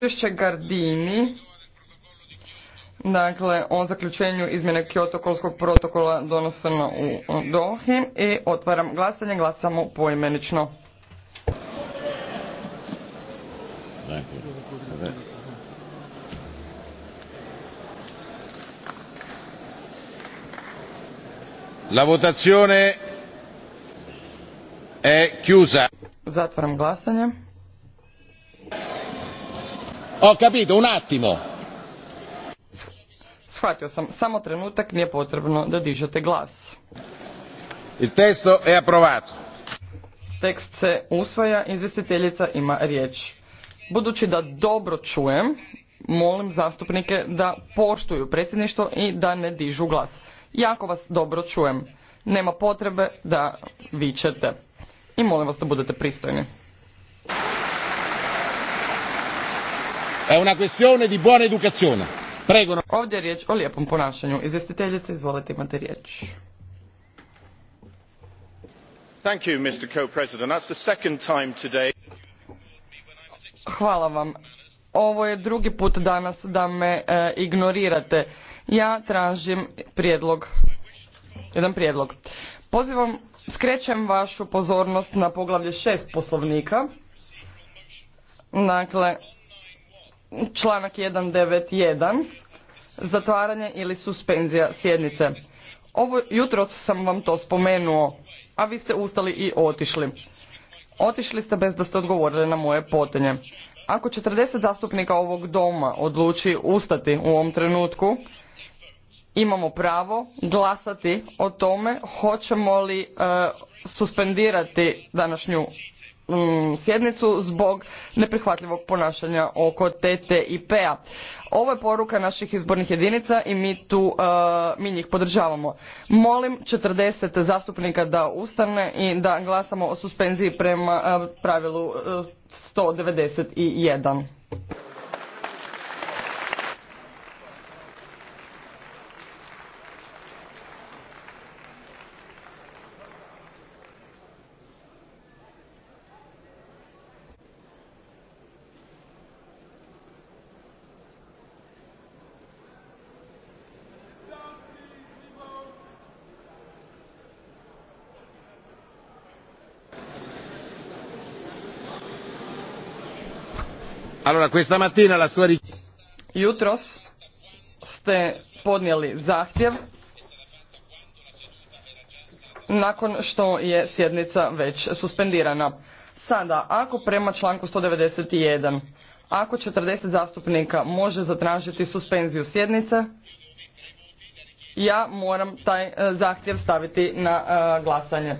Izvješće Gardini, dakle o zaključenju izmjene kolskog protokola donoseno u Dohi i otvaram glasanje, glasamo poimenično. La votazione è chiusa. Zatvaram glasanje. Ho capito, un attimo. Shvatio sam, samo trenutak nije potrebno da dižete glas. Il testo je approvato. Tekst se usvaja, izvjestiteljica ima riječ. Budući da dobro čujem, molim zastupnike da poštuju predsjedništvo i da ne dižu glas. Jako vas dobro čujem. Nema potrebe da vičete. I molim vas da budete pristojni. È una questione di buona educazione. Prego. Ovdje je riječ o lijepom ponašanju. Izvjestiteljice, izvolite imate riječ. Thank you, Mr. co That's the time today. Hvala vam. Ovo je drugi put danas da me e, ignorirate. Ja tražim prijedlog, jedan prijedlog. Pozivam, skrećem vašu pozornost na poglavlje šest poslovnika. Dakle, članak 191, zatvaranje ili suspenzija sjednice. Ovo jutro sam vam to spomenuo, a vi ste ustali i otišli. Otišli ste bez da ste odgovorili na moje potenje. Ako 40 zastupnika ovog doma odluči ustati u ovom trenutku, imamo pravo glasati o tome hoćemo li e, suspendirati današnju Mm, sjednicu zbog neprihvatljivog ponašanja oko TTIP-a. Ovo je poruka naših izbornih jedinica i mi tu uh, mi njih podržavamo. Molim 40 zastupnika da ustane i da glasamo o suspenziji prema uh, pravilu 191. Uh, Allora, questa Jutros ste podnijeli zahtjev nakon što je sjednica već suspendirana. Sada, ako prema članku 191, ako 40 zastupnika može zatražiti suspenziju sjednice, ja moram taj eh, zahtjev staviti na eh, glasanje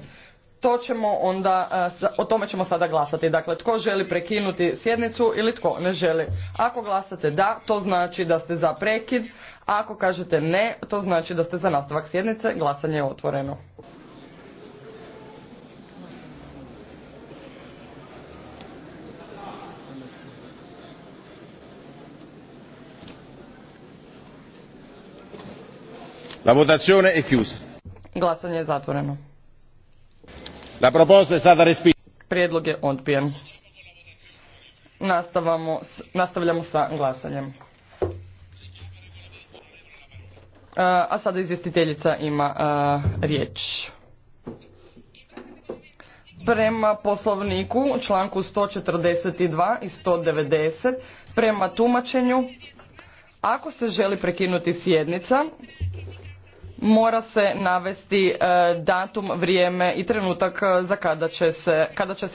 to ćemo onda, e, o tome ćemo sada glasati. Dakle, tko želi prekinuti sjednicu ili tko ne želi. Ako glasate da, to znači da ste za prekid. ako kažete ne, to znači da ste za nastavak sjednice. Glasanje je otvoreno. La votazione è chiusa. Glasanje je zatvoreno. La proposta Prijedlog je odbijen. nastavljamo sa glasanjem. E, a sada izvjestiteljica ima e, riječ. Prema poslovniku članku 142 i 190 prema tumačenju ako se želi prekinuti sjednica mora se navesti e, datum, vrijeme i trenutak e, za kada će se,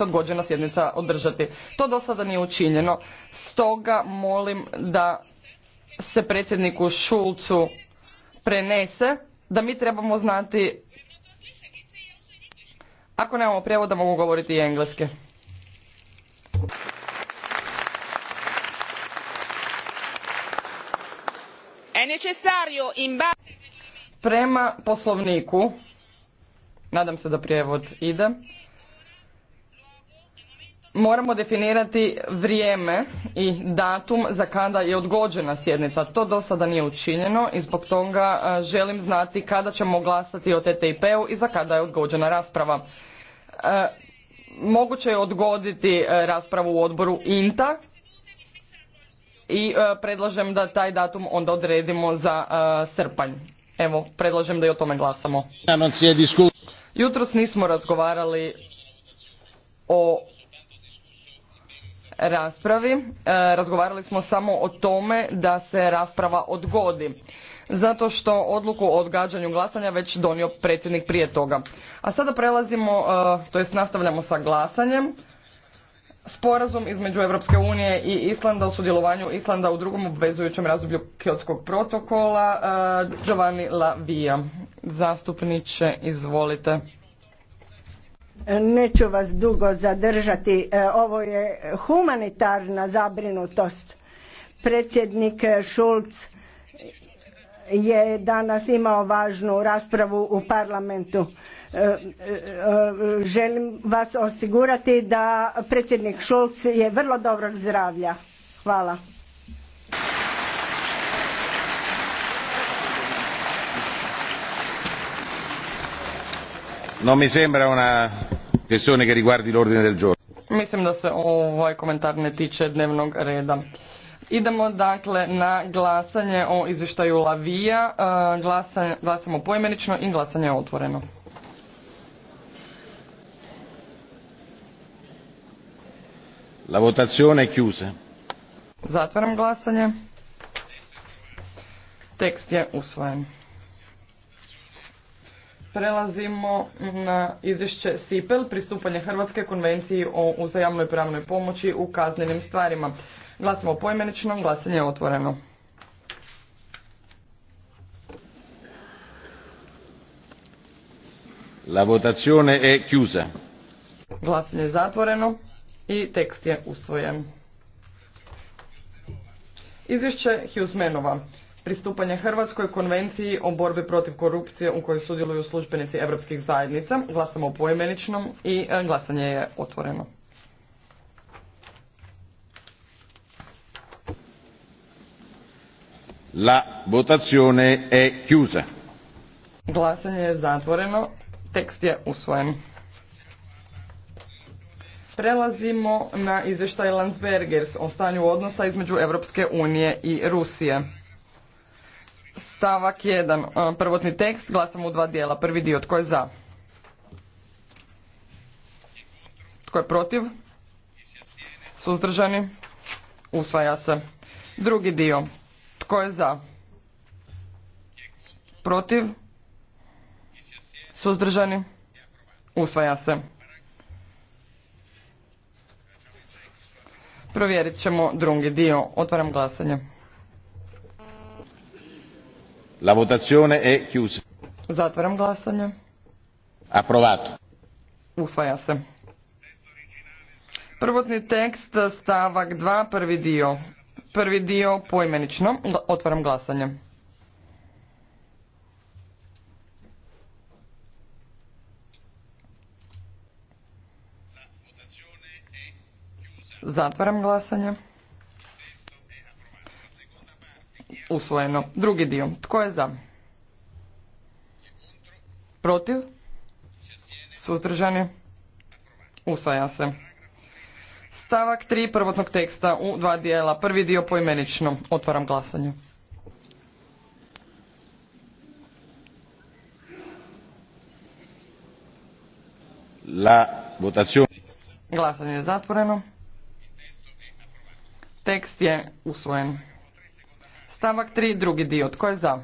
odgođena sjednica održati. To do sada nije učinjeno. Stoga molim da se predsjedniku Šulcu prenese da mi trebamo znati ako nemamo prijevoda mogu govoriti i engleski. Prema poslovniku, nadam se da prijevod ide, moramo definirati vrijeme i datum za kada je odgođena sjednica. To do sada nije učinjeno i zbog toga e, želim znati kada ćemo glasati o TTIP-u i za kada je odgođena rasprava. E, moguće je odgoditi e, raspravu u odboru INTA i predlažem da taj datum onda odredimo za srpanj. Evo, predlažem da i o tome glasamo. Jutros nismo razgovarali o raspravi, e, razgovarali smo samo o tome da se rasprava odgodi. Zato što odluku o odgađanju glasanja već donio predsjednik prije toga. A sada prelazimo, e, to jest nastavljamo sa glasanjem sporazum između Europske unije i Islanda o sudjelovanju Islanda u drugom obvezujućem razdoblju Kyotskog protokola. E, Giovanni Lavija, zastupniče, izvolite. Neću vas dugo zadržati. E, ovo je humanitarna zabrinutost. Predsjednik Šulc je danas imao važnu raspravu u parlamentu želim vas osigurati da predsjednik Šulc je vrlo dobrog zdravlja. Hvala. Non mi sembra una questione che riguardi l'ordine del giorno. Mislim da se ovaj komentar ne tiče dnevnog reda. Idemo dakle na glasanje o izvještaju Lavija. E, glasamo poimenično i glasanje otvoreno. La votazione è chiusa. Zatvaram glasanje. Tekst je usvojen. Prelazimo na izvješće SIPEL, pristupanje Hrvatske konvenciji o uzajamnoj pravnoj pomoći u kaznenim stvarima. Glasamo pojmenično, glasanje je otvoreno. La votazione è chiusa. Glasanje je zatvoreno i tekst je usvojen. Izvješće Hughesmanova. Pristupanje Hrvatskoj konvenciji o borbi protiv korupcije u kojoj sudjeluju službenici europskih zajednica. Glasamo poimeničnom i e, glasanje je otvoreno. La votazione è chiusa. Glasanje je zatvoreno. Tekst je usvojen. Prelazimo na izvještaj Landsbergers o stanju odnosa između Europske unije i Rusije. Stavak 1. E, prvotni tekst glasamo u dva dijela. Prvi dio tko je za? Tko je protiv? Suzdržani? Usvaja se. Drugi dio. Tko je za? Protiv? Suzdržani? Usvaja se. Provjerit ćemo drugi dio. Otvaram glasanje. La votazione è chiusa. Zatvaram glasanje. Approvato. Usvaja se. Prvotni tekst stavak 2, prvi dio. Prvi dio poimenično. Otvaram glasanje. Zatvaram glasanje. Usvojeno. Drugi dio. Tko je za? Protiv? Suzdržani? Usvaja se. Stavak tri prvotnog teksta u dva dijela. Prvi dio poimenično. Otvaram glasanje. La Glasanje je zatvoreno. Tekst je usvojen. Stavak 3, drugi dio. Tko je za?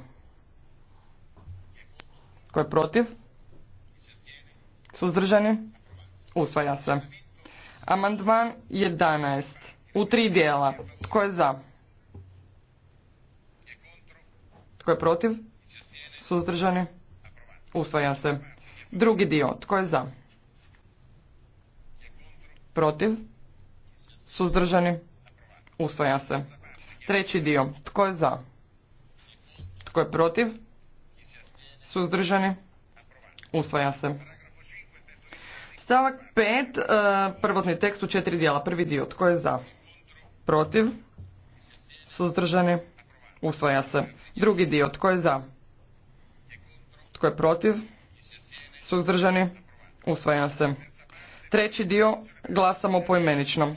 Tko je protiv? Suzdržani? Usvaja se. Amandman 11. U tri dijela. Tko je za? Tko je protiv? Suzdržani? Usvaja se. Drugi dio. Tko je za? Protiv? Suzdržani? Usvaja se. Treći dio. Tko je za? Tko je protiv? Suzdržani? Usvaja se. Stavak pet, e, Prvotni tekst u četiri dijela. Prvi dio. Tko je za? Protiv? Suzdržani? Usvaja se. Drugi dio. Tko je za? Tko je protiv? Suzdržani? Usvaja se. Treći dio. Glasamo poimenično.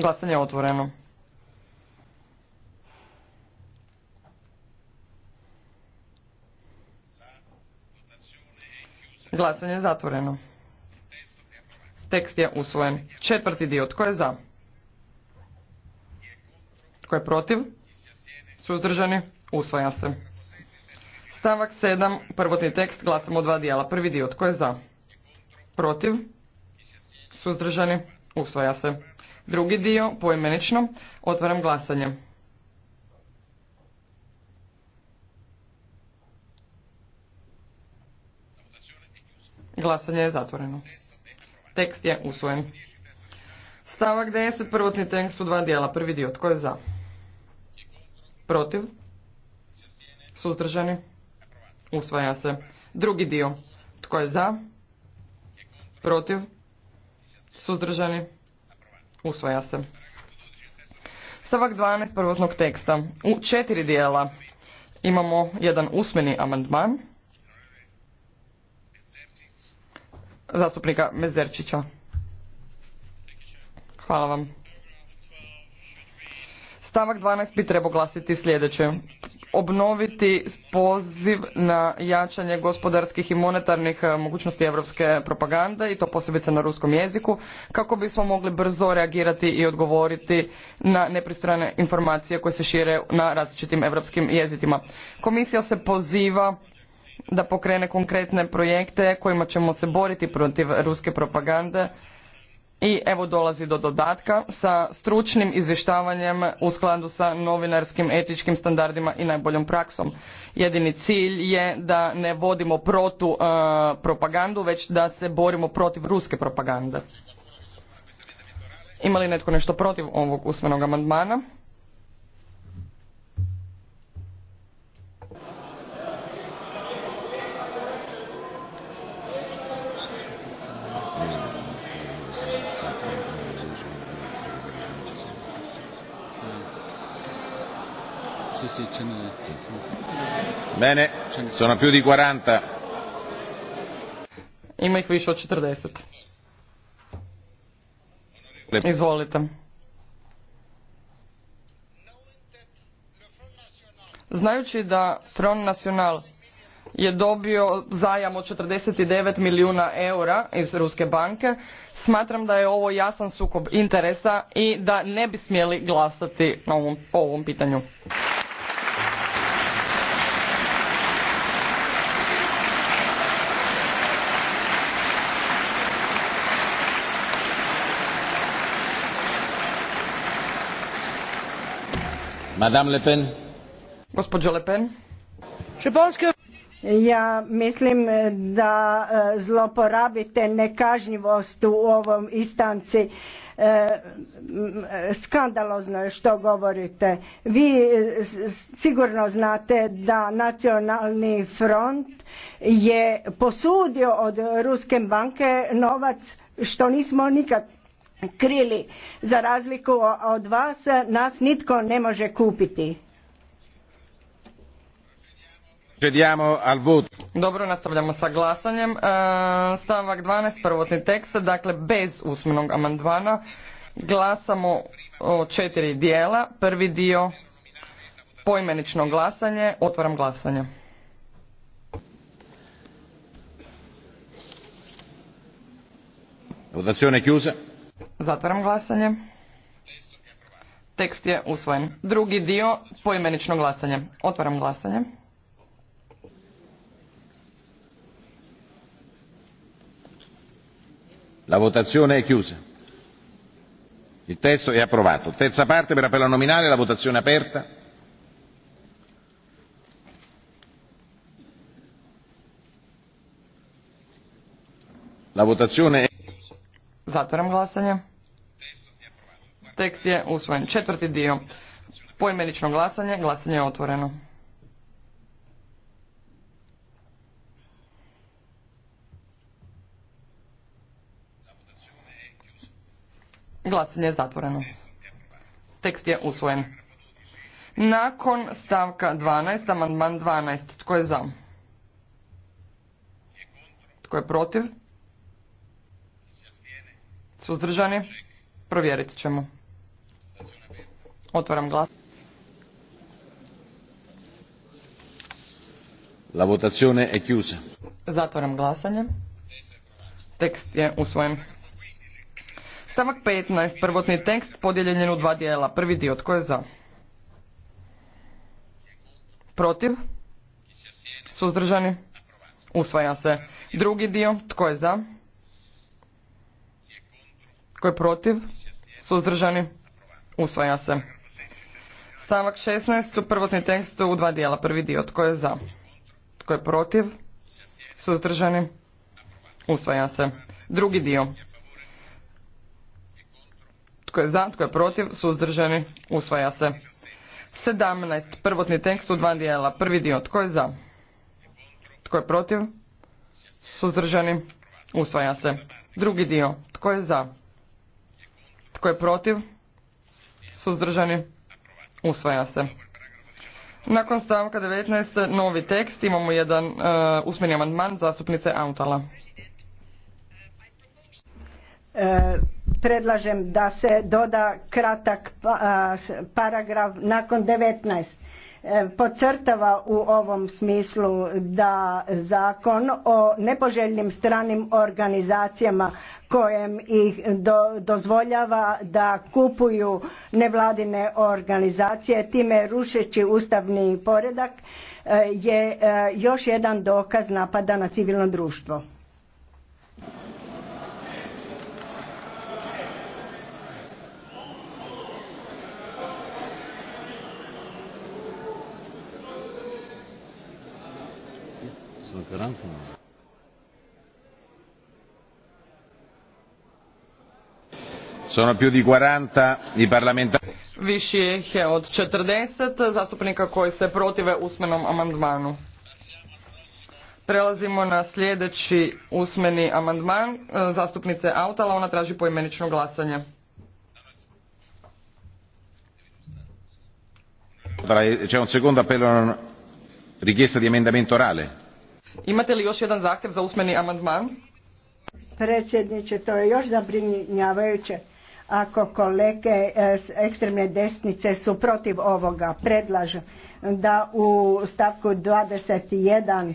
Glasanje je otvoreno. Glasanje je zatvoreno. Tekst je usvojen. Četvrti dio. Tko je za? Tko je protiv? Suzdržani? Usvaja se. Stavak 7. Prvotni tekst. Glasamo dva dijela. Prvi dio. Tko je za? Protiv? Suzdržani? Usvoja se. Drugi dio, poimenično, otvaram glasanje. Glasanje je zatvoreno. Tekst je usvojen. Stavak 10, prvotni tekst u dva dijela. Prvi dio, tko je za? Protiv? Suzdržani? Usvaja se. Drugi dio, tko je za? Protiv? Suzdržani? Usvaja se. Stavak 12 prvotnog teksta. U četiri dijela imamo jedan usmeni amandman zastupnika Mezerčića. Hvala vam. Stavak 12 bi trebao glasiti sljedeće obnoviti poziv na jačanje gospodarskih i monetarnih e, mogućnosti europske propagande i to posebice na ruskom jeziku kako bismo mogli brzo reagirati i odgovoriti na nepristrane informacije koje se šire na različitim europskim jezicima. Komisija se poziva da pokrene konkretne projekte kojima ćemo se boriti protiv ruske propagande i evo dolazi do dodatka sa stručnim izvještavanjem u skladu sa novinarskim etičkim standardima i najboljom praksom. Jedini cilj je da ne vodimo protu e, propagandu, već da se borimo protiv ruske propagande. Ima li netko nešto protiv ovog usmenog amandmana? Bene, sono più di 40. Ima ih više od 40. Izvolite. Znajući da Front National je dobio zajam od 49 milijuna eura iz Ruske banke, smatram da je ovo jasan sukob interesa i da ne bi smjeli glasati na ovom, po ovom pitanju. Ja mislim eh, da eh, zloporabite nekažnjivost u ovom istanci. Eh, skandalozno je što govorite. Vi sigurno znate da nacionalni front je posudio od Ruske banke novac što nismo nikad krili. Za razliku od vas, nas nitko ne može kupiti. Dobro, nastavljamo sa glasanjem. E, stavak 12, prvotni tekst, dakle bez usmenog amandmana. Glasamo o četiri dijela. Prvi dio poimenično glasanje. Otvaram glasanje. Zatvaram glasanje. Tekst je usvojen. Drugi dio poimenično glasanje. Otvaram glasanje. La votazione è chiusa. Il testo è approvato. Terza parte per appello nominale, la votazione è aperta. La votazione è Zatvaram glasanje. Tekst je usvojen. Četvrti dio. Poimenično glasanje. Glasanje je otvoreno. Glasanje je zatvoreno. Tekst je usvojen. Nakon stavka 12, amandman 12. Tko je za? Tko je protiv? Suzdržani? Provjerit ćemo. Otvaram glas. La votazione è chiusa. Zatvaram glasanje. Tekst je usvojen. Stavak 15. Prvotni tekst podijeljen je u dva dijela. Prvi dio tko je za? Protiv? Suzdržani? Usvaja se. Drugi dio tko je za? Tko je protiv? Suzdržani? Usvaja se. Stavak 16 u prvotni tekst u dva dijela. Prvi dio tko je za? Tko je protiv? Suzdržani? Usvaja se. Drugi dio. Tko je za? Tko je protiv? Suzdržani? Usvaja se. 17. Prvotni tekst u dva dijela. Prvi dio. Tko je za? Tko je protiv? Suzdržani? Usvaja se. Drugi dio. Tko je za? Tko je protiv? Suzdržani? Usvaja se. Nakon stavka 19. novi tekst. Imamo jedan uh, usmeni amandman zastupnice Autala. E, predlažem da se doda kratak pa, paragraf nakon 19. E, podcrtava u ovom smislu da zakon o nepoželjnim stranim organizacijama kojem ih dozvoljava da kupuju nevladine organizacije time rušeći ustavni poredak e, je e, još jedan dokaz napada na civilno društvo. Viši ih je od 40 zastupnika koji se protive usmenom amandmanu. Prelazimo na sljedeći usmeni amandman e, zastupnice Autala. Ona traži poimenično glasanje. C'è un secondo appello richiesta Imate li još jedan zahtjev za usmeni amandman? Predsjedniče, to je još zabrinjavajuće ako kolege e, ekstremne desnice su protiv ovoga, Predlažu da u stavku 21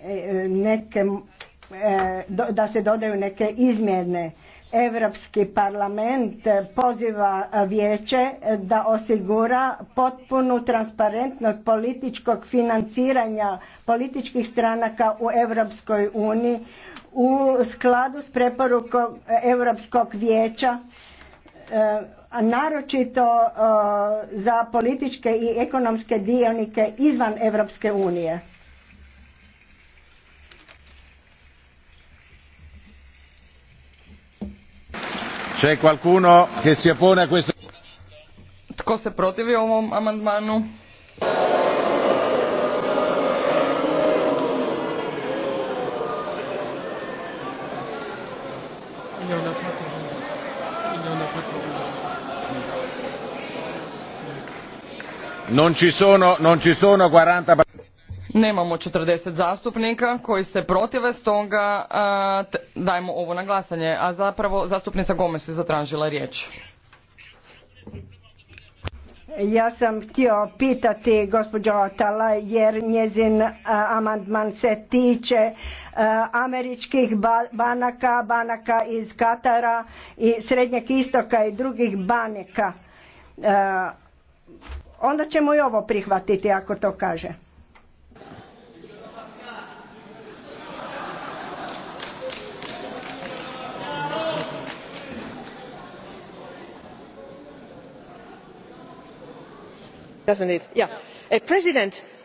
e, neke, e, da se dodaju neke izmjene. Europski parlament poziva vijeće da osigura potpunu transparentnost političkog financiranja političkih stranaka u Europskoj uniji u skladu s preporukom Europskog vijeća Eh, a naročito eh, za političke i ekonomske dionike izvan Europske unije. Tko se protivi ovom amandmanu? Non pa- Nemamo 40 zastupnika koji se protive, stoga uh, ovo na glasanje. A zapravo zastupnica Gomes je zatražila riječ. Ja sam htio pitati gospođo Otala jer njezin amandman se tiče američkih banaka, banaka iz Katara i Srednjeg istoka i drugih banaka onda ćemo i ovo prihvatiti ako to kaže.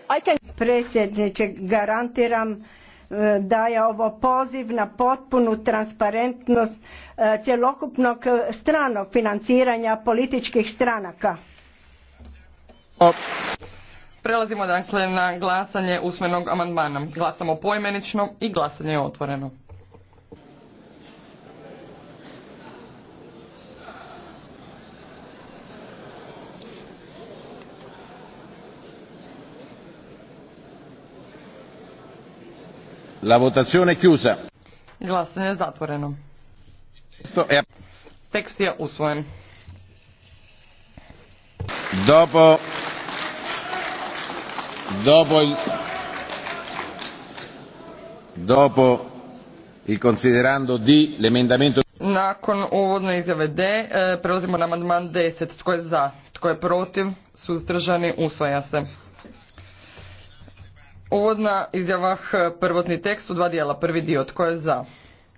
Uh, predsjedniče garantiram e, da je ovo poziv na potpunu transparentnost e, cjelokupnog e, stranog financiranja političkih stranaka. Prelazimo dakle na glasanje usmenog amandmana. Glasamo pojmenično i glasanje je otvoreno. La votazione chiusa. Glasanje je zatvoreno. Tekst je usvojen. Dopo dopo, dopo il considerando di nakon uvodne izjave D eh, prelazimo na amandman 10 tko je za, tko je protiv suzdržani, usvaja se uvodna izjava H prvotni tekst u dva dijela prvi dio, tko je za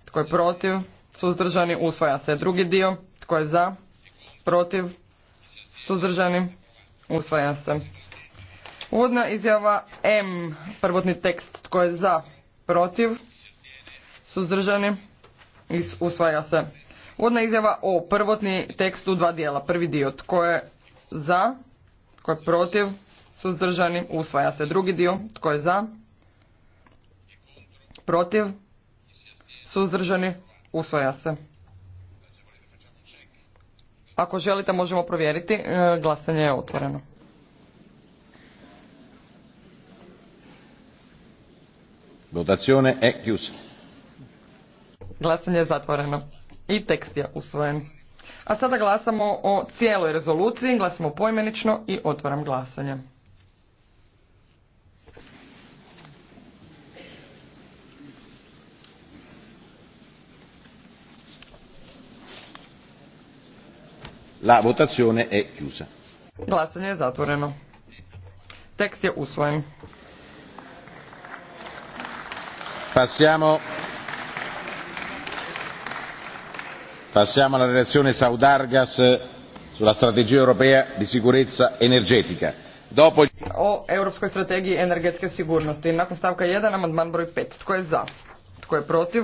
tko je protiv suzdržani, usvaja se drugi dio, tko je za protiv suzdržani, usvaja se Uvodna izjava M, prvotni tekst, tko je za, protiv, suzdržani, usvaja se. Uvodna izjava O, prvotni tekst u dva dijela, prvi dio, tko je za, tko je protiv, suzdržani, usvaja se. Drugi dio, tko je za, protiv, suzdržani, usvaja se. Ako želite možemo provjeriti, e, glasanje je otvoreno. Votazione è chiusa. Glasanje je zatvoreno. I tekst je usvojen. A sada glasamo o cijeloj rezoluciji, glasamo poimenično i otvaram glasanje. La votazione è chiusa. Glasanje je zatvoreno. Tekst je usvojen. Passiamo passiamo alla relazione saudargas sulla strategia europea di sicurezza energetica o europskoj strategiji energetske sigurnosti nakon stavka 1 amandman broj 5 tko je za tko je protiv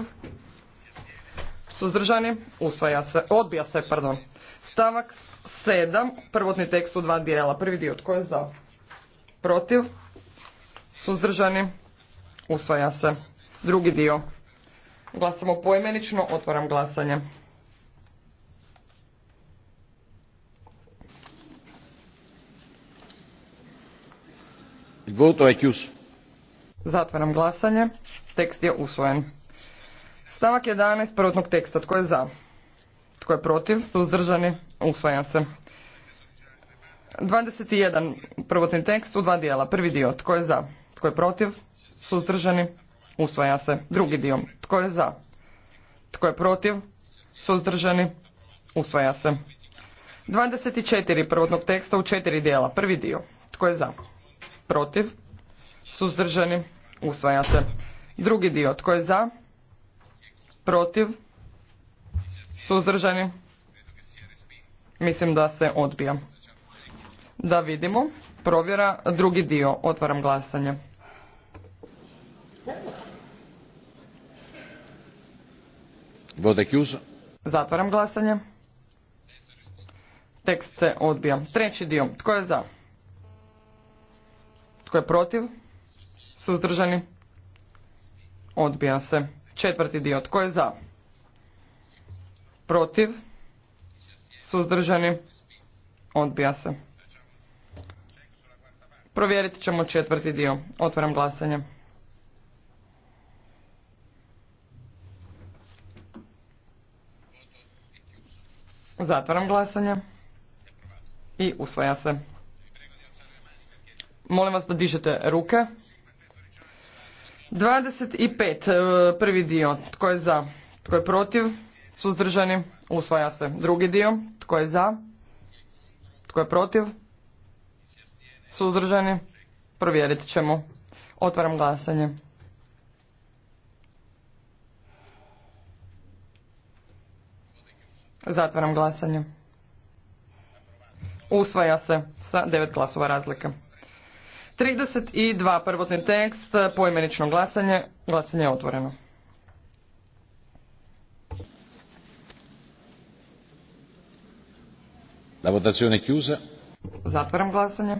suzdržani usvaja se odbija se pardon stavak 7 prvotni tekst u dva dijela prvi dio tko je za protiv suzdržani usvaja se Drugi dio. Glasamo poimenično, otvaram glasanje. Voto Zatvaram glasanje. Tekst je usvojen. Stavak 11 prvotnog teksta. Tko je za? Tko je protiv? Suzdržani? Usvajan se. 21 prvotni tekst u dva dijela. Prvi dio. Tko je za? Tko je protiv? Suzdržani? Usvaja se. Drugi dio. Tko je za? Tko je protiv? Suzdržani? Usvaja se. 24 prvotnog teksta u četiri dijela. Prvi dio. Tko je za? Protiv? Suzdržani? Usvaja se. Drugi dio. Tko je za? Protiv? Suzdržani? Mislim da se odbija. Da vidimo. Provjera drugi dio. Otvaram glasanje. Zatvaram glasanje. Tekst se odbija. Treći dio. Tko je za? Tko je protiv? Suzdržani? Odbija se. Četvrti dio. Tko je za? Protiv? Suzdržani? Odbija se. Provjerit ćemo četvrti dio. Otvaram glasanje. Zatvaram glasanje. I usvaja se. Molim vas da dižete ruke. 25. E, prvi dio. Tko je za? Tko je protiv? Suzdržani? Usvaja se. Drugi dio. Tko je za? Tko je protiv? Suzdržani? Provjerit ćemo. Otvaram glasanje. Zatvaram glasanje. Usvaja se sa devet glasova razlike. 32. Prvotni tekst, poimenično glasanje. Glasanje je otvoreno. La Zatvaram glasanje.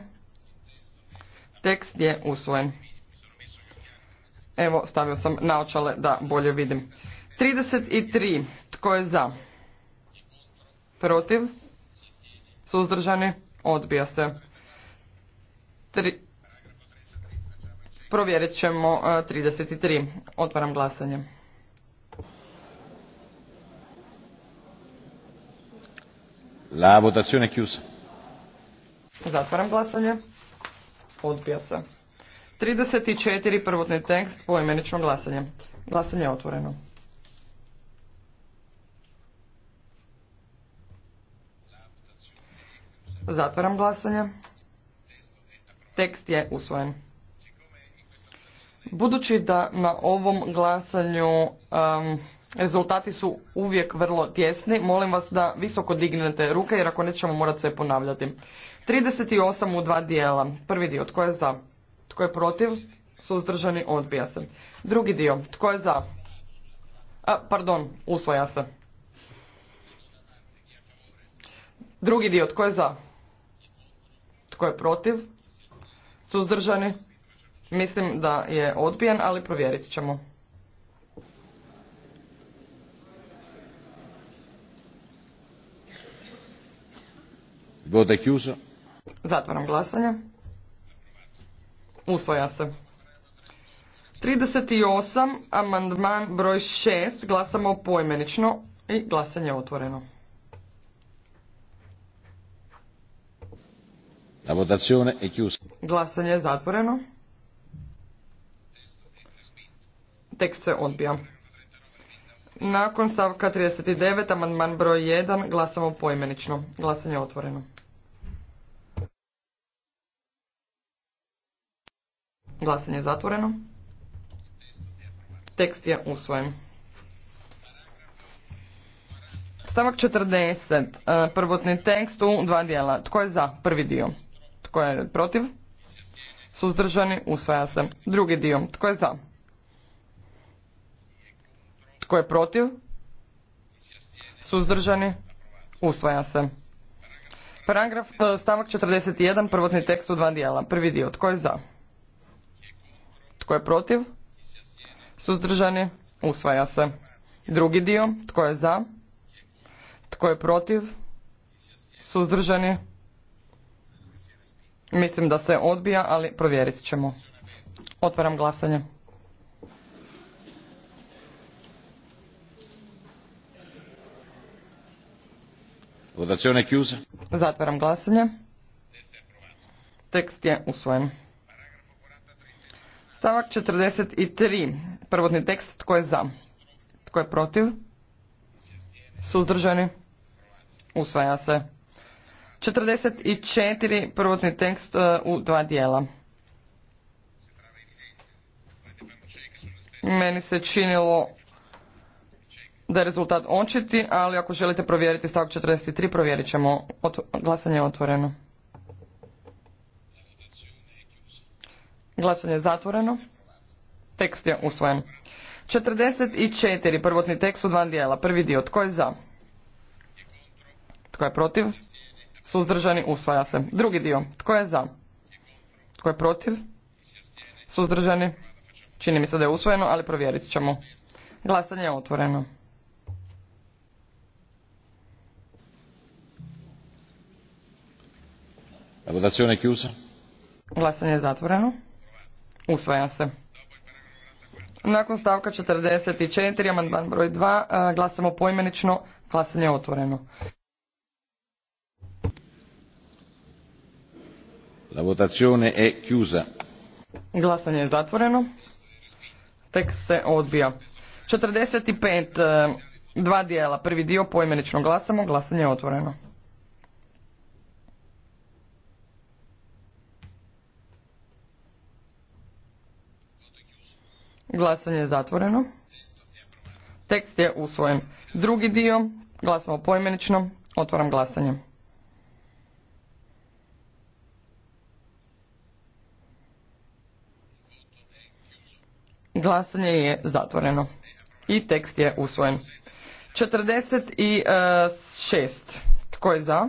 Tekst je usvojen. Evo, stavio sam naočale da bolje vidim. 33. Tko je za? protiv, suzdržani, odbija se. Tri... Provjerit ćemo 33. E, Otvaram glasanje. La votazione Zatvaram glasanje. Odbija se. 34. prvotni tekst poimenično glasanje. Glasanje je otvoreno. Zatvaram glasanje. Tekst je usvojen. Budući da na ovom glasanju um, rezultati su uvijek vrlo tjesni, molim vas da visoko dignete ruke jer ako nećemo morati sve ponavljati. 38 u dva dijela. Prvi dio, tko je za? Tko je protiv? Suzdržani odbija se. Drugi dio, tko je za? A, pardon, usvoja se. Drugi dio, tko je za? Tko je protiv? Suzdržani? Mislim da je odbijen, ali provjerit ćemo. Zatvaram glasanje. Usvoja se. 38, amandman broj 6, glasamo poimenično i glasanje je otvoreno. La votazione Glasanje je zatvoreno. Tekst se odbija. Nakon stavka 39, amandman broj 1, glasamo poimenično. Glasanje je otvoreno. Glasanje je zatvoreno. Tekst je usvojen. Stavak 40. Eh, prvotni tekst u dva dijela. Tko je za prvi dio? Tko je protiv? Suzdržani? Usvaja se. Drugi dio. Tko je za? Tko je protiv? Suzdržani? Usvaja se. Paragraf e, stavak 41, prvotni tekst u dva dijela. Prvi dio. Tko je za? Tko je protiv? Suzdržani? Usvaja se. Drugi dio. Tko je za? Tko je protiv? Suzdržani? Mislim da se odbija, ali provjerit ćemo. Otvaram glasanje. Zatvaram glasanje. Tekst je usvojen. Stavak 43. Prvotni tekst. Tko je za? Tko je protiv? Suzdržani? Usvaja se. 44 prvotni tekst e, u dva dijela. Meni se činilo da je rezultat očiti, ali ako želite provjeriti stavak 43, provjerit ćemo. glasanje je otvoreno. Glasanje je zatvoreno. Tekst je usvojen. 44. Prvotni tekst u dva dijela. Prvi dio. Tko je za? Tko je protiv? Suzdržani usvaja se. Drugi dio. Tko je za? Tko je protiv? Suzdržani? Čini mi se da je usvojeno, ali provjerit ćemo. Glasanje je otvoreno. Glasanje je zatvoreno. Usvaja se. Nakon stavka 44, amandman broj 2, glasamo pojmenično. glasanje je otvoreno. La votazione è Glasanje je zatvoreno. Tekst se odbija. 45 e, dva dijela. Prvi dio poimenično glasamo, glasanje je otvoreno. Glasanje je zatvoreno. Tekst je usvojen. Drugi dio, glasamo poimenično, otvaram glasanje. Glasanje je zatvoreno. I tekst je usvojen. 46. Tko je za?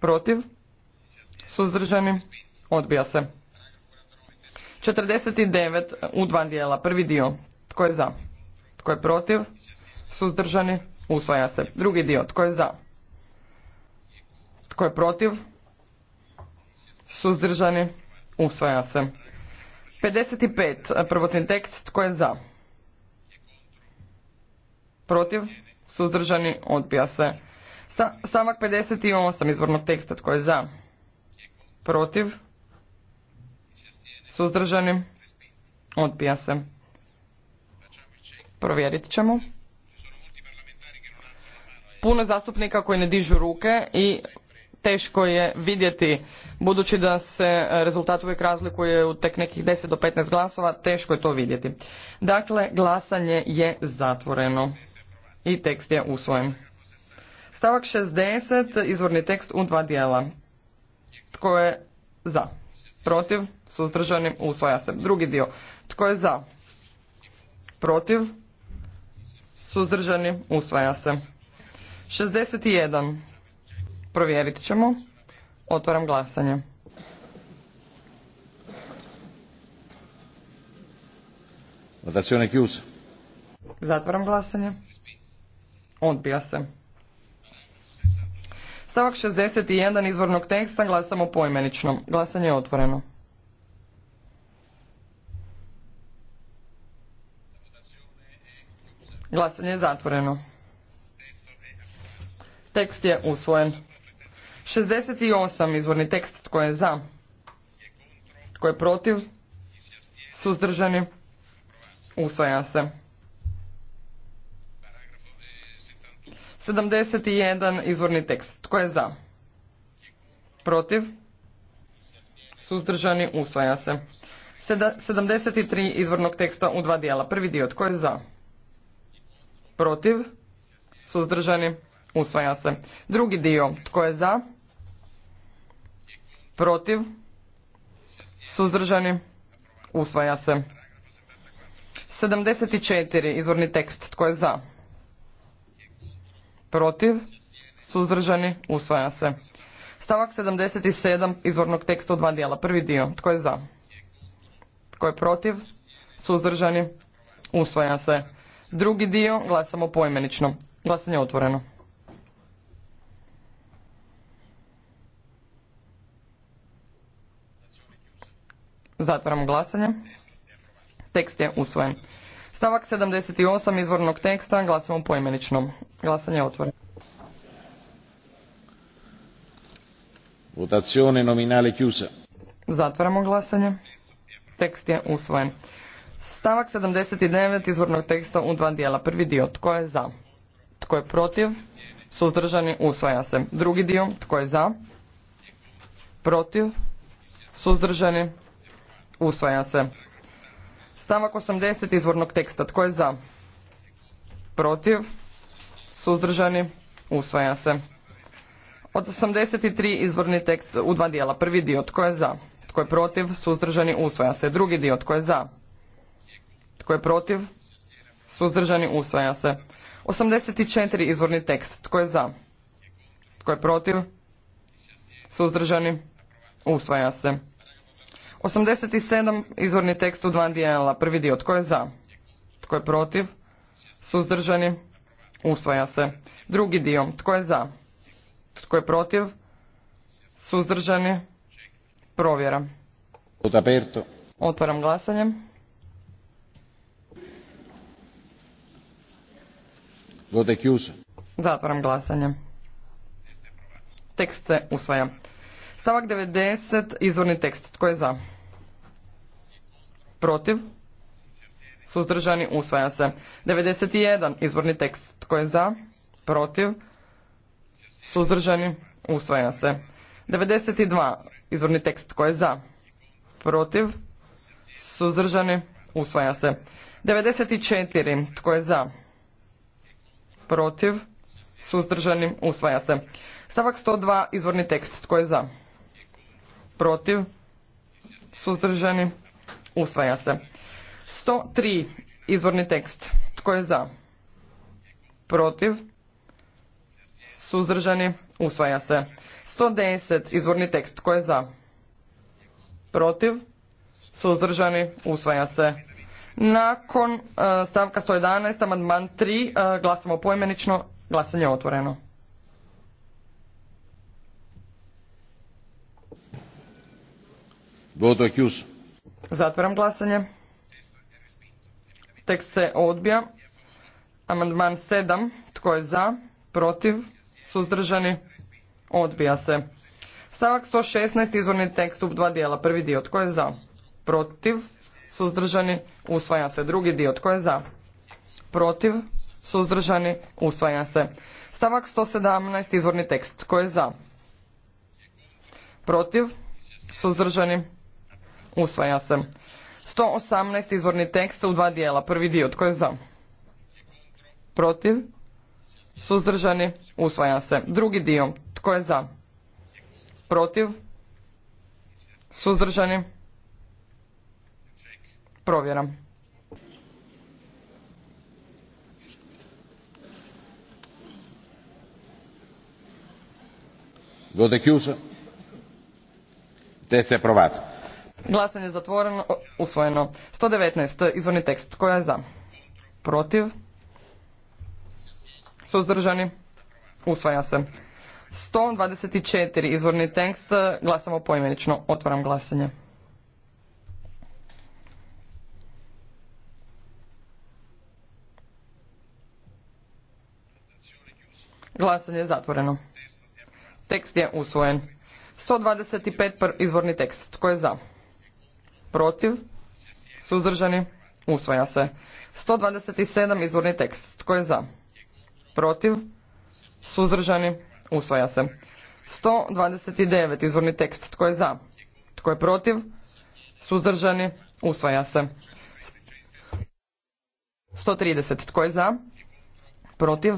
Protiv? Suzdržani? Odbija se. 49 u dva dijela. Prvi dio. Tko je za? Tko je protiv? Suzdržani? Usvaja se. Drugi dio. Tko je za? Tko je protiv? Suzdržani? Usvaja se. 55. Prvotni tekst. Tko je za? Protiv? Suzdržani? Odbija se. Stavak 58. Izvornog teksta. Tko je za? Protiv? Suzdržani? Odbija se. Provjerit ćemo. Puno zastupnika koji ne dižu ruke i teško je vidjeti budući da se e, rezultat uvijek razlikuje u tek nekih 10 do 15 glasova, teško je to vidjeti. Dakle, glasanje je zatvoreno i tekst je usvojen. Stavak 60, izvorni tekst u dva dijela. Tko je za? Protiv? suzdržanim Usvaja se. Drugi dio. Tko je za? Protiv? Suzdržani? Usvaja se. 61. Provjerit ćemo. Otvaram glasanje. Votazione chiusa. Zatvaram glasanje. Odbija se. Stavak 61 izvornog teksta glasamo poimenično. Glasanje je otvoreno. Glasanje je zatvoreno. Tekst je usvojen. 68 izvorni tekst tko je za, tko je protiv, suzdržani, usvaja se. 71 izvorni tekst tko je za, protiv, suzdržani, usvaja se. 73 izvornog teksta u dva dijela. Prvi dio tko je za, protiv, suzdržani, usvaja se. Drugi dio tko je za, protiv, suzdržani, usvaja se. 74. Izvorni tekst. Tko je za? Protiv? Suzdržani? Usvaja se. Stavak 77. Izvornog teksta u dva dijela. Prvi dio. Tko je za? Tko je protiv? Suzdržani? Usvaja se. Drugi dio. Glasamo poimenično. Glasanje otvoreno. Zatvaram glasanje. Tekst je usvojen. Stavak 78 izvornog teksta glasamo poimenično. Glasanje je otvoreno. Votazione nominale chiusa. Zatvaramo glasanje. Tekst je usvojen. Stavak 79 izvornog teksta u dva dijela. Prvi dio tko je za? Tko je protiv? Suzdržani usvaja se. Drugi dio tko je za? Protiv? Suzdržani Usvaja se. Stavak 80 izvornog teksta. Tko je za? Protiv? Suzdržani? Usvaja se. Od 83 izvorni tekst u dva dijela. Prvi dio tko je za? Tko je protiv? Suzdržani? Usvaja se. Drugi dio tko je za? Tko je protiv? Suzdržani? Usvaja se. 84 izvorni tekst. Tko je za? Tko je protiv? Suzdržani? Usvaja se. 87 izvorni tekst u dva dijela. Prvi dio tko je za? Tko je protiv? Suzdržani? Usvaja se. Drugi dio tko je za? Tko je protiv? Suzdržani? Provjera. Otvaram glasanje. Zatvaram glasanje. Tekst se usvaja. Stavak 90, izvorni tekst. Tko je za? Protiv? Suzdržani? Usvaja se. 91, izvorni tekst. Tko je za? Protiv? Suzdržani? Usvaja se. 92, izvorni tekst. Tko je za? Protiv? Suzdržani? Usvaja se. 94, tko je za? Protiv? Suzdržani? Usvaja se. Stavak 102, izvorni tekst. Tko je za? protiv, suzdržani, usvaja se. 103 izvorni tekst. Tko je za? Protiv, suzdržani, usvaja se. 110 izvorni tekst. Tko je za? Protiv, suzdržani, usvaja se. Nakon e, stavka 111, amandman 3, e, glasamo poimenično, glasanje je otvoreno. Voto Zatvaram glasanje. Tekst se odbija. Amandman 7. Tko je za? Protiv? Suzdržani? Odbija se. Stavak 116. Izvorni tekst u dva dijela. Prvi dio. Tko je za? Protiv? Suzdržani? Usvaja se. Drugi dio. Tko je za? Protiv? Suzdržani? Usvaja se. Stavak 117. Izvorni tekst. Tko je za? Protiv? Suzdržani? Usvaja se. 118 izvorni tekst u dva dijela. Prvi dio tko je za? Protiv? Suzdržani? Usvaja se. Drugi dio tko je za? Protiv? Suzdržani? Provjeram. Voto Test Test Glasanje je zatvoreno, usvojeno. 119. Izvorni tekst. Koja je za? Protiv? Suzdržani? Usvaja se. 124. Izvorni tekst. Glasamo poimenično. Otvaram glasanje. Glasanje je zatvoreno. Tekst je usvojen. 125. Izvorni tekst. Tko je za? protiv, suzdržani, usvaja se. 127 izvorni tekst. Tko je za? Protiv, suzdržani, usvaja se. 129 izvorni tekst. Tko je za? Tko je protiv, suzdržani, usvaja se. 130. Tko je za? Protiv?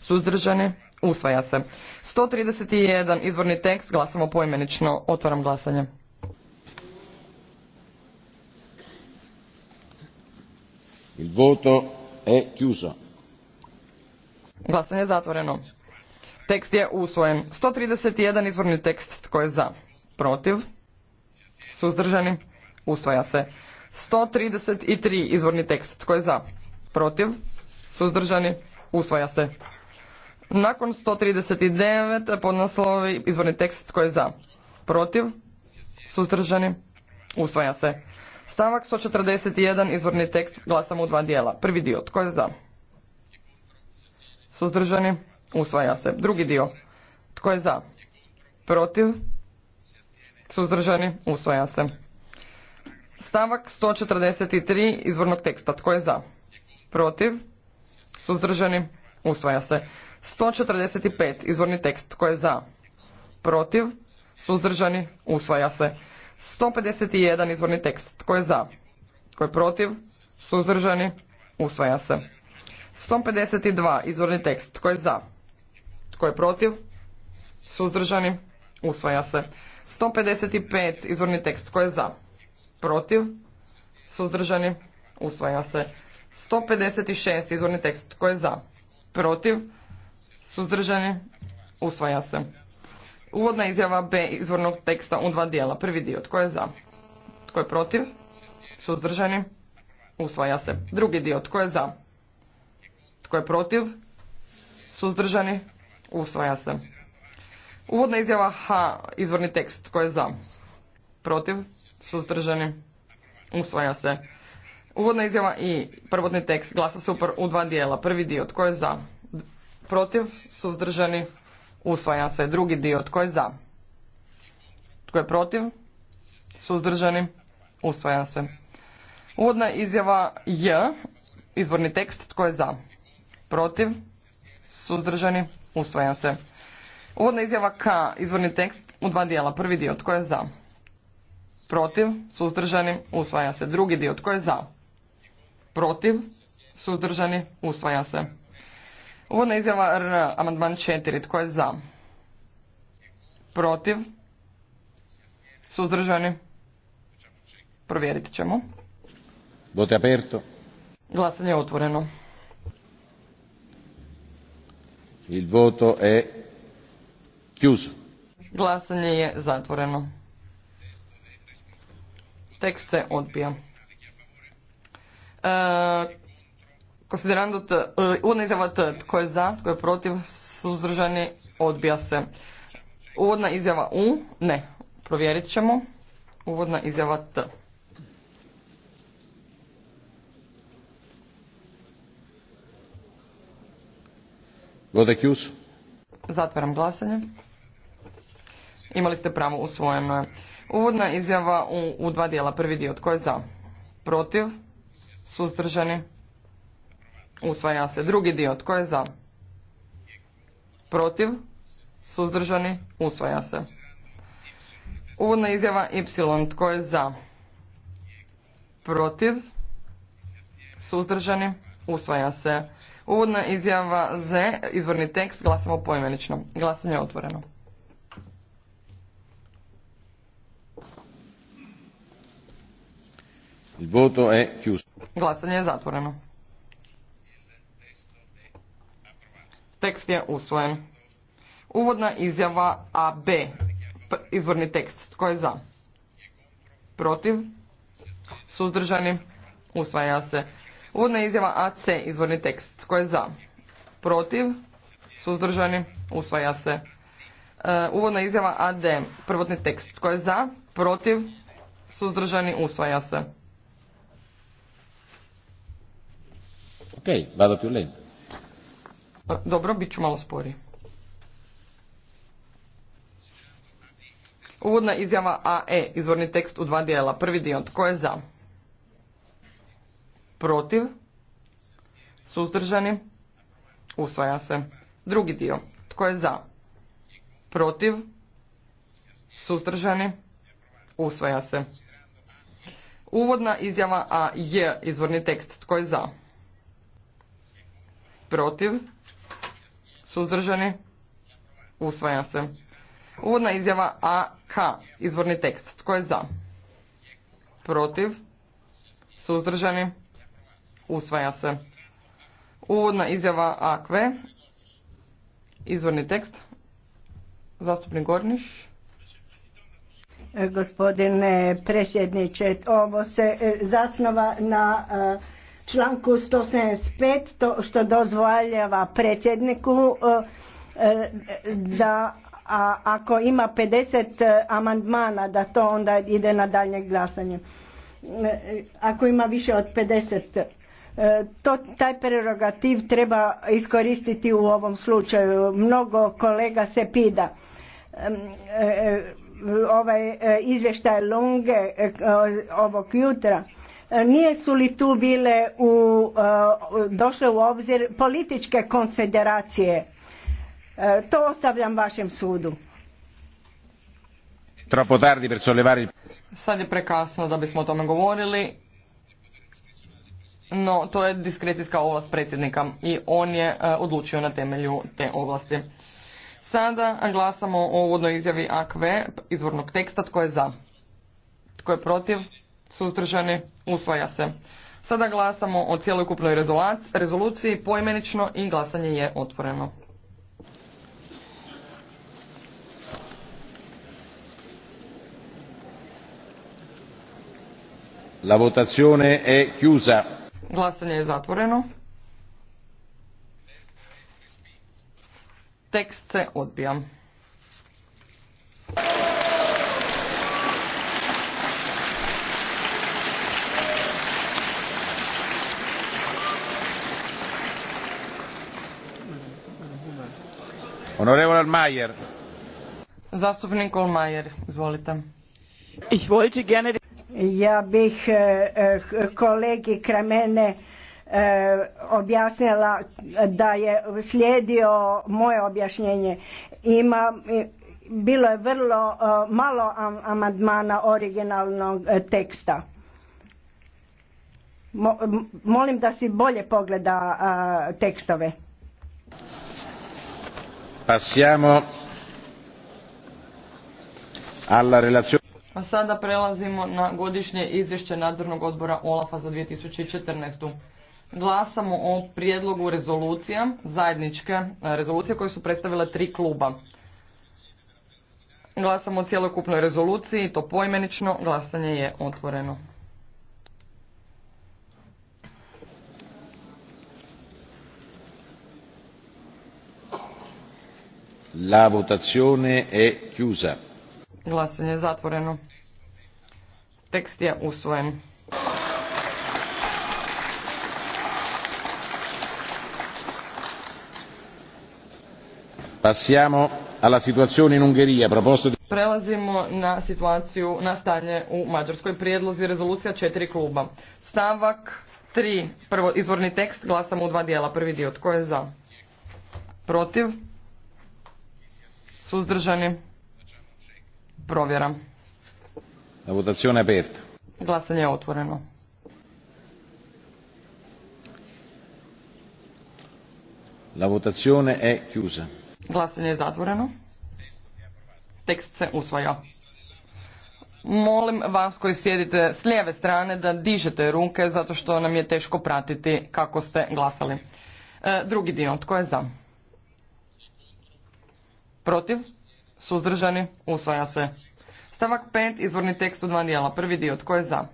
Suzdržani? Usvaja se. 131. Izvorni tekst. Glasamo poimenično. Otvaram glasanje. Glasanje je zatvoreno. Tekst je usvojen. 131 izvorni tekst. Tko je za? Protiv? Suzdržani? Usvaja se. 133 izvorni tekst. Tko je za? Protiv? Suzdržani? Usvaja se. Nakon 139 podnoslovi izvorni tekst. Tko je za? Protiv? Suzdržani? Usvaja se. Stavak 141, izvorni tekst, glasamo u dva dijela. Prvi dio, tko je za? Suzdržani? Usvaja se. Drugi dio, tko je za? Protiv? Suzdržani? Usvaja se. Stavak 143, izvornog teksta, tko je za? Protiv? Suzdržani? Usvaja se. 145, izvorni tekst, tko je za? Protiv? Suzdržani? Usvaja se. 151 izvorni tekst. Tko je za? Tko je protiv? Suzdržani? Usvaja se. 152 izvorni tekst. Tko je za? Tko je protiv? Suzdržani? Usvaja se. 155 izvorni tekst. Tko je za? Protiv? Suzdržani? Usvaja se. 156 izvorni tekst. Tko je za? Protiv? Suzdržani? Usvaja se. Uvodna izjava B izvornog teksta u dva dijela. Prvi dio, tko je za? Tko je protiv? Suzdržani? Usvaja se. Drugi dio, tko je za? Tko je protiv? Suzdržani? Usvaja se. Uvodna izjava H, izvorni tekst, tko je za? Protiv? Suzdržani? Usvaja se. Uvodna izjava i prvotni tekst glasa super. u dva dijela. Prvi dio, tko je za? Protiv? Suzdržani? Usvaja se drugi dio. Tko je za? Tko je protiv? Suzdržani? Usvaja se. Uvodna izjava J. Izvorni tekst. Tko je za? Protiv? Suzdržani? Usvaja se. Uvodna izjava K. Izvorni tekst u dva dijela. Prvi dio. Tko je za? Protiv? Suzdržani? Usvaja se. Drugi dio. Tko je za? Protiv? Suzdržani? Usvaja se. Uvodna izjava R, amandman 4. Tko je za? Protiv? Suzdržani? Provjerit ćemo. Vote aperto. Glasanje je otvoreno. Il voto è chiuso. Glasanje je zatvoreno. Tekst se odbija. E, E, uvodna izjava T, tko je za, tko je protiv, suzdržani, odbija se. Uvodna izjava U, ne, provjerit ćemo. Uvodna izjava T. Zatvaram glasanje. Imali ste pravo u svojem. Uvodna izjava u, u dva dijela. Prvi dio tko je za? Protiv? Suzdržani? Usvaja se. Drugi dio. Tko je za? Protiv? Suzdržani? Usvaja se. Uvodna izjava Y. Tko je za? Protiv? Suzdržani? Usvaja se. Uvodna izjava Z. Izvorni tekst. Glasamo poimenično. Glasanje je otvoreno. Glasanje je zatvoreno. Tekst je usvojen. Uvodna izjava AB. Izvorni tekst. Tko je za? Protiv? Suzdržani? Usvaja se. Uvodna izjava AC. Izvorni tekst. Tko je za? Protiv? Suzdržani? Usvaja se. E, uvodna izjava AD. Prvotni tekst. Tko je za? Protiv? Suzdržani? Usvaja se. Ok, vado più lento. Pa, dobro, bit ću malo spori. Uvodna izjava AE, izvorni tekst u dva dijela. Prvi dio, tko je za? Protiv? Suzdržani? Usvaja se. Drugi dio, tko je za? Protiv? Suzdržani? Usvaja se. Uvodna izjava AJ, izvorni tekst, tko je za? Protiv? Suzdržani? Usvaja se. Uvodna izjava AK. Izvorni tekst. Tko je za? Protiv? Suzdržani? Usvaja se. Uvodna izjava AQ. Izvorni tekst. Zastupnik Gorniš. Gospodine predsjedniče, ovo se zasnova na članku 175 to što dozvoljava predsjedniku e, e, da ako ima 50 e, amandmana da to onda ide na daljnje glasanje. Ako ima više od 50 to, taj prerogativ treba iskoristiti u ovom slučaju. Mnogo kolega se pida ovaj izvještaj Lunge ovog jutra su li tu bile u, e, došle u obzir političke konsideracije? E, to ostavljam vašem sudu. Sad je prekasno da bismo o tome govorili, no to je diskrecijska ovlast predsjednika i on je e, odlučio na temelju te ovlasti. Sada glasamo o uvodnoj izjavi AKV izvornog teksta. Tko je za? Tko je protiv? suzdržani, usvaja se. Sada glasamo o cjelokupnoj rezoluciji poimenično i glasanje je otvoreno. La votazione è chiusa. Glasanje je zatvoreno. Tekst se odbija. Ja bih eh, eh, kolegi Kramene eh, objasnila da je slijedio moje objašnjenje. Ima, bilo je vrlo malo amandmana originalnog teksta. Molim da si bolje pogleda tekstove. A sada prelazimo na godišnje izvješće nadzornog odbora OLAFA za 2014. Glasamo o prijedlogu rezolucija, zajedničke e, rezolucije koje su predstavila tri kluba. Glasamo o cjelokupnoj rezoluciji, to poimenično, glasanje je otvoreno. La votazione è Glasanje je zatvoreno. Tekst je usvojen. Passiamo alla situazione in Ungheria. Proposto di... Prelazimo na situaciju, na stanje u Mađarskoj. Prijedlozi rezolucija četiri kluba. Stavak tri. Prvo, izvorni tekst glasamo u dva dijela. Prvi dio. Tko je za? Protiv? Suzdržani? Provjeram. votazione Glasanje je otvoreno. La votazione è chiusa. Glasanje je zatvoreno. Tekst se usvaja. Molim vas koji sjedite s lijeve strane da dižete ruke zato što nam je teško pratiti kako ste glasali. E, drugi dio, tko je za? Protiv? Suzdržani? Usvaja se. Stavak 5. Izvorni tekst u dva dijela. Prvi dio. Tko je za?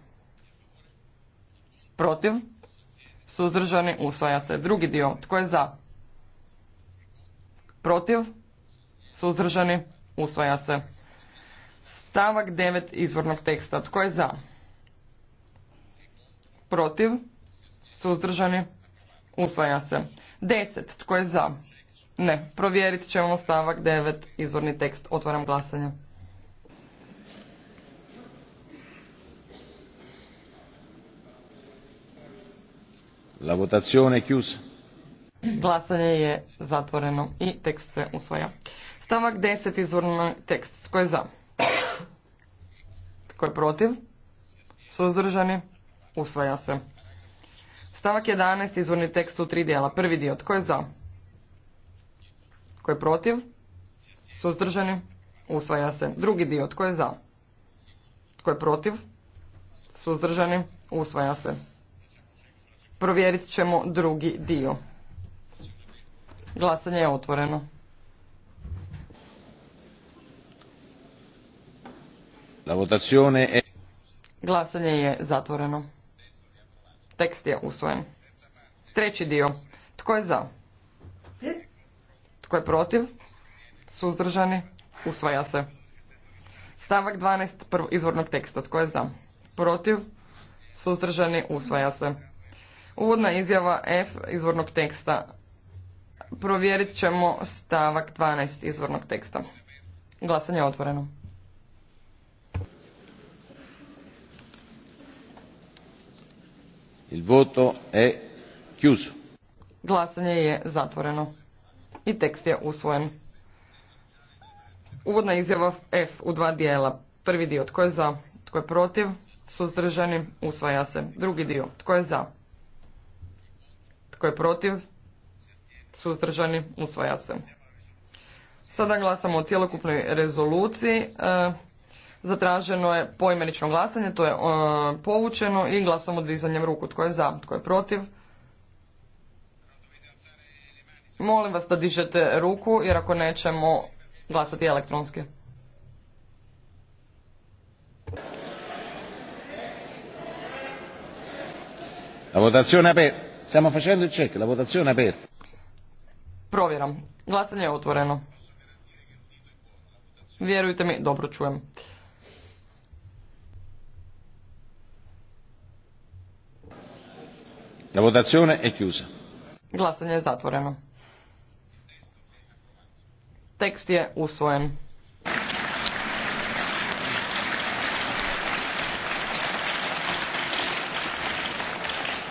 Protiv? Suzdržani? Usvaja se. Drugi dio. Tko je za? Protiv? Suzdržani? Usvaja se. Stavak 9. Izvornog teksta. Tko je za? Protiv? Suzdržani? Usvaja se. Deset. Tko je za? Ne, provjerit ćemo ono stavak 9, izvorni tekst. Otvaram glasanje. La votazione chiusa. Glasanje je zatvoreno i tekst se usvaja. Stavak 10, izvorni tekst. Tko je za? Tko je protiv? Suzdržani? Usvaja se. Stavak 11, izvorni tekst u tri dijela. Prvi dio. Tko je za? Tko je protiv? Suzdržani? Usvaja se. Drugi dio. Tko je za? Tko je protiv? Suzdržani? Usvaja se. Provjerit ćemo drugi dio. Glasanje je otvoreno. Glasanje je zatvoreno. Tekst je usvojen. Treći dio. Tko je za? Tko je protiv? Suzdržani? Usvaja se. Stavak 12 izvornog teksta. Tko je za? Protiv? Suzdržani? Usvaja se. Uvodna izjava F izvornog teksta. Provjerit ćemo stavak 12 izvornog teksta. Glasanje je otvoreno. Il voto è chiuso. Glasanje je zatvoreno i tekst je usvojen. Uvodna izjava F u dva dijela. Prvi dio tko je za, tko je protiv, suzdržani, usvaja se. Drugi dio tko je za, tko je protiv, suzdržani, usvaja se. Sada glasamo o cjelokupnoj rezoluciji. E, zatraženo je poimenično glasanje, to je e, povučeno i glasamo dizanjem ruku. Tko je za, tko je protiv, Molim vas da dižete ruku jer ako nećemo glasati elektronski. La votazione aperta. Stiamo facendo il check, la votazione aperta. Provjeram. Glasanje je otvoreno. Vjerujte mi, dobro čujem. La votazione è chiusa. Glasanje je zatvoreno. Tekst je usvojen.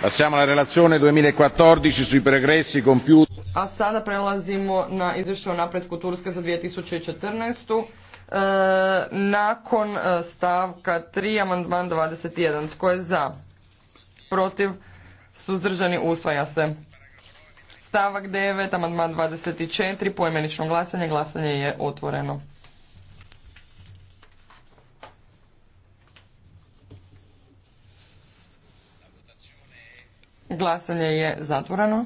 Passiamo alla relazione 2014 sui progressi compiuti. A sada prelazimo na izvješće o napretku Turske za 2014. E, nakon e, stavka 3, amandman 21. Tko je za? Protiv? Suzdržani usvaja se. Stavak 9, amandman 24, pojmenično glasanje, glasanje je otvoreno. Glasanje je zatvoreno.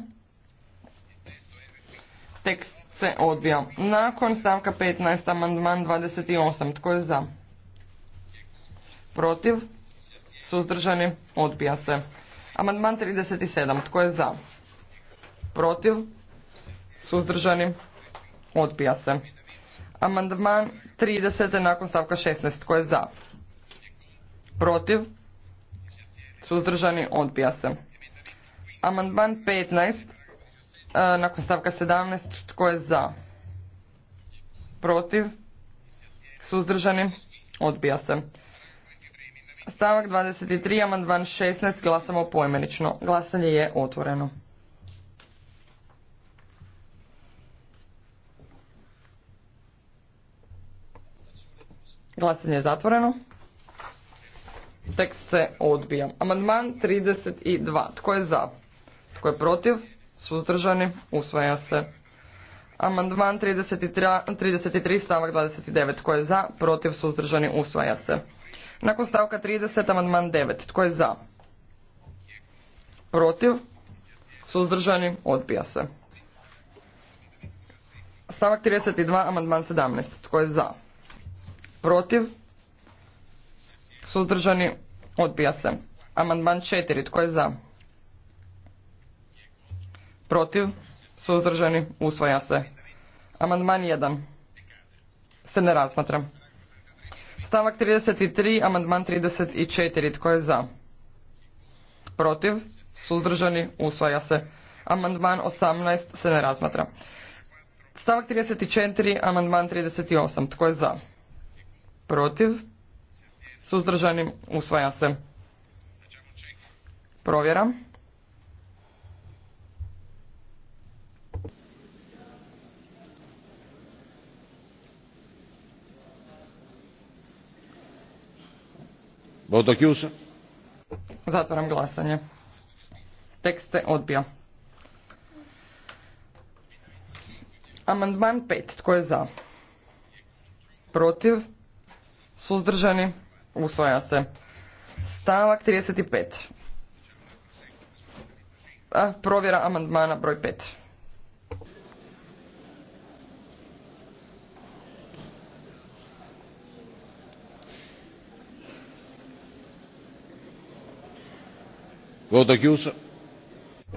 Tekst se odbija. Nakon stavka 15, amandman 28. Tko je za? Protiv? Suzdržani? Odbija se. Amandman 37. Tko je za? protiv, suzdržani, odbija se. Amandman 30. nakon stavka 16. Tko je za? Protiv? Suzdržani? Odbija se. Amandman 15. E, nakon stavka 17. Tko je za? Protiv? Suzdržani? Odbija se. Stavak 23. Amandman 16. Glasamo poimenično. Glasanje je otvoreno. Glasanje je zatvoreno. Tekst se odbija. Amandman 32. Tko je za? Tko je protiv? Suzdržani? Usvaja se. Amandman 33, 33 stavak 29. Tko je za? Protiv? Suzdržani? Usvaja se. Nakon stavka 30. Amandman 9. Tko je za? Protiv? Suzdržani? Odbija se. Stavak 32. Amandman 17. Tko je za? protiv, suzdržani, odbija se. Amandman četiri, tko je za? Protiv, suzdržani, usvaja se. Amandman jedan, se ne razmatra. Stavak 33, amandman 34, tko je za? Protiv, suzdržani, usvaja se. Amandman 18 se ne razmatra. Stavak 34, amandman 38, tko je za? protiv, suzdržanim usvaja se. Provjera. Voto kjusa. Zatvaram glasanje. Tekst se odbija. Amandman 5. Tko je za? Protiv? Suzdržani? Usvaja se. Stavak 35. A, provjera amandmana broj 5. Zatvoram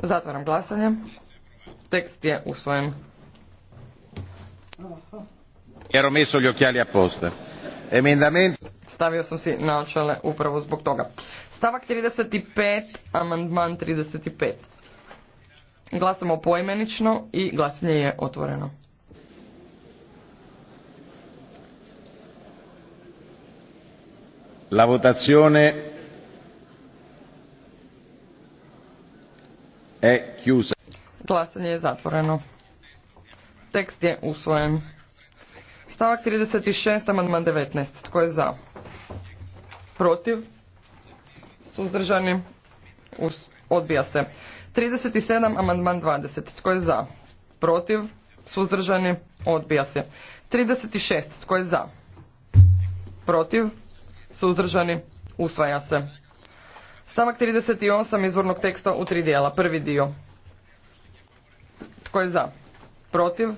Zatvaram glasanje. Tekst je usvojen. Ero messo gli occhiali Stavio sam si naočale upravo zbog toga. Stavak 35, amandman 35. Glasamo poimenično i glasanje je otvoreno. La votazione è chiusa. Glasanje je zatvoreno. Tekst je usvojen. Stavak 36, amandman 19. Tko je za? Protiv? Suzdržani? Odbija se. 37, amandman 20. Tko je za? Protiv? Suzdržani? Odbija se. 36. Tko je za? Protiv? Suzdržani? Usvaja se. Stavak 38 izvornog teksta u tri dijela. Prvi dio. Tko je za? Protiv?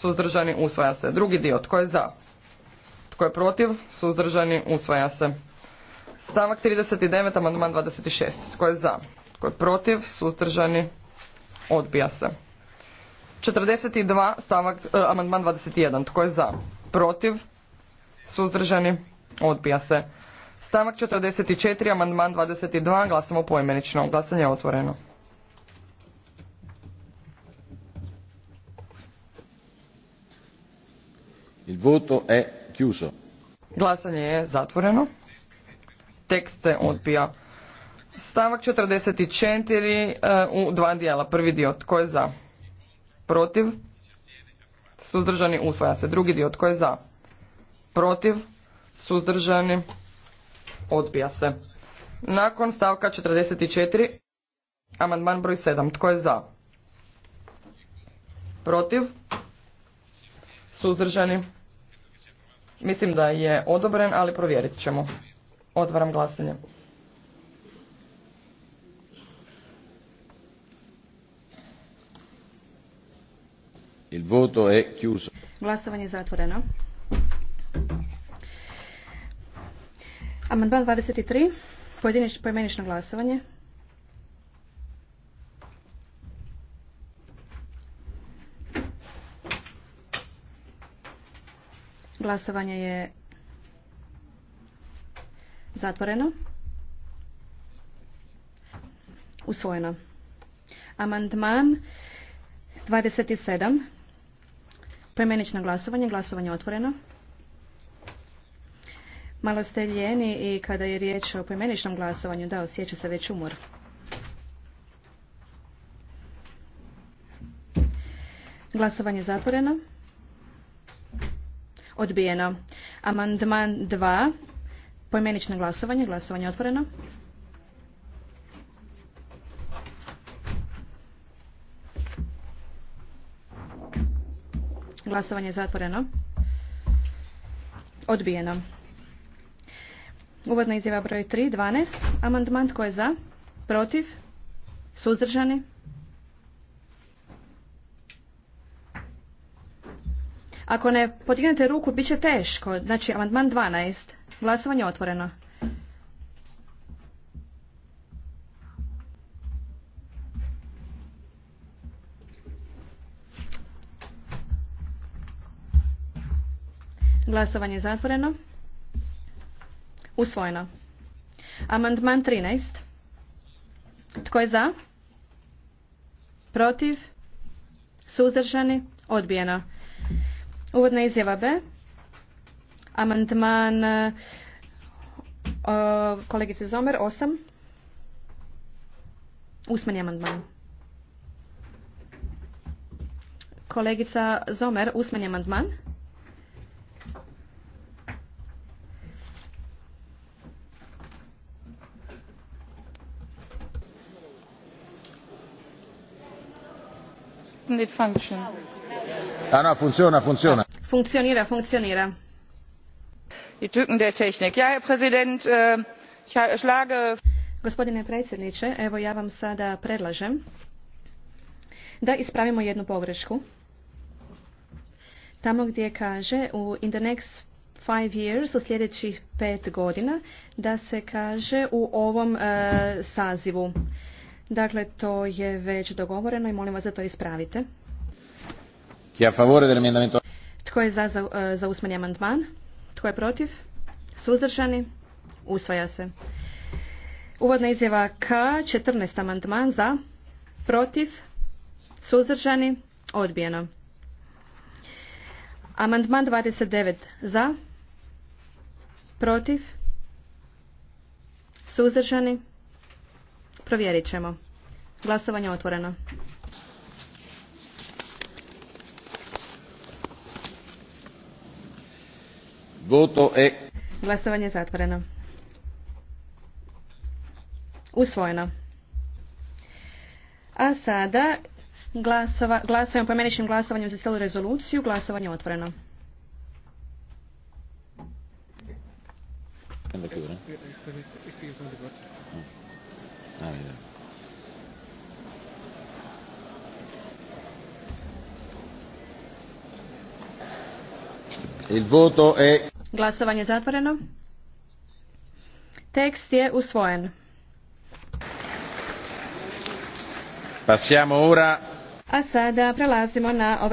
suzdržani, usvaja se. Drugi dio, tko je za? Tko je protiv? Suzdržani, usvaja se. Stavak 39, amandman 26. Tko je za? Tko je protiv? Suzdržani, odbija se. 42, stavak, eh, amandman 21. Tko je za? Protiv? Suzdržani, odbija se. Stavak 44, amandman 22. Glasamo poimenično. Glasanje je otvoreno. Il voto è chiuso. Glasanje je zatvoreno. Tekst se odbija. Stavak 44 eh, u dva dijela. Prvi dio tko je za? Protiv? Suzdržani usvaja se. Drugi dio tko je za? Protiv? Suzdržani odbija se. Nakon stavka 44 amandman broj 7. Tko je za? Protiv? Suzdržani Mislim da je odobren, ali provjerit ćemo. Otvaram glasanje. Il voto è chiuso. Glasovanje je zatvoreno. Amandman 23. Pojedinično, pojmenično glasovanje. Glasovanje je zatvoreno. Usvojeno. Amandman 27. Premenično glasovanje. Glasovanje otvoreno. Malo ste ljeni i kada je riječ o premeničnom glasovanju, da, osjeća se već umor. Glasovanje zatvoreno. Odbijeno. Amandman 2. Pojmenično glasovanje. Glasovanje otvoreno. Glasovanje zatvoreno. Odbijeno. Uvodna izjava broj 3, 12. Amandman tko je za? Protiv? Suzdržani? Ako ne podignete ruku, bit će teško. Znači, amandman 12. Glasovanje otvoreno. Glasovanje je zatvoreno. Usvojeno. Amandman 13. Tko je za? Protiv? Suzdržani? Odbijeno. Uvodna izjava B. Amandman e, kolegice Zomer, 8. Usmeni amandman. Kolegica Zomer, usmeni amandman. didn't it function? Ah, no, funziona, funziona. Funkcionira, funkcionira. Die Tücken der Technik. Ja, Herr Präsident, äh, ich schlage... Gospodine predsjedniče, evo ja vam sada predlažem da ispravimo jednu pogrešku. Tamo gdje kaže u in the next five years, u sljedećih pet godina, da se kaže u ovom e, sazivu. Dakle, to je već dogovoreno i molim vas da to ispravite. Tko je za, e, za, usmeni amandman? Tko je protiv? Suzdržani? Usvaja se. Uvodna izjava K, 14. amandman za, protiv, suzdržani, odbijeno. Amandman 29 za, protiv, suzdržani, Provjerit ćemo. Glasovanje otvoreno. Voto e. Glasovanje zatvoreno. Usvojeno. A sada glasova, glasujemo pomeničnim glasovanjem za cijelu rezoluciju. Glasovanje otvoreno. Il voto è... Glasovanje zatvoreno. Tekst je usvojen. Passiamo ora... A sada prelazimo na ovaj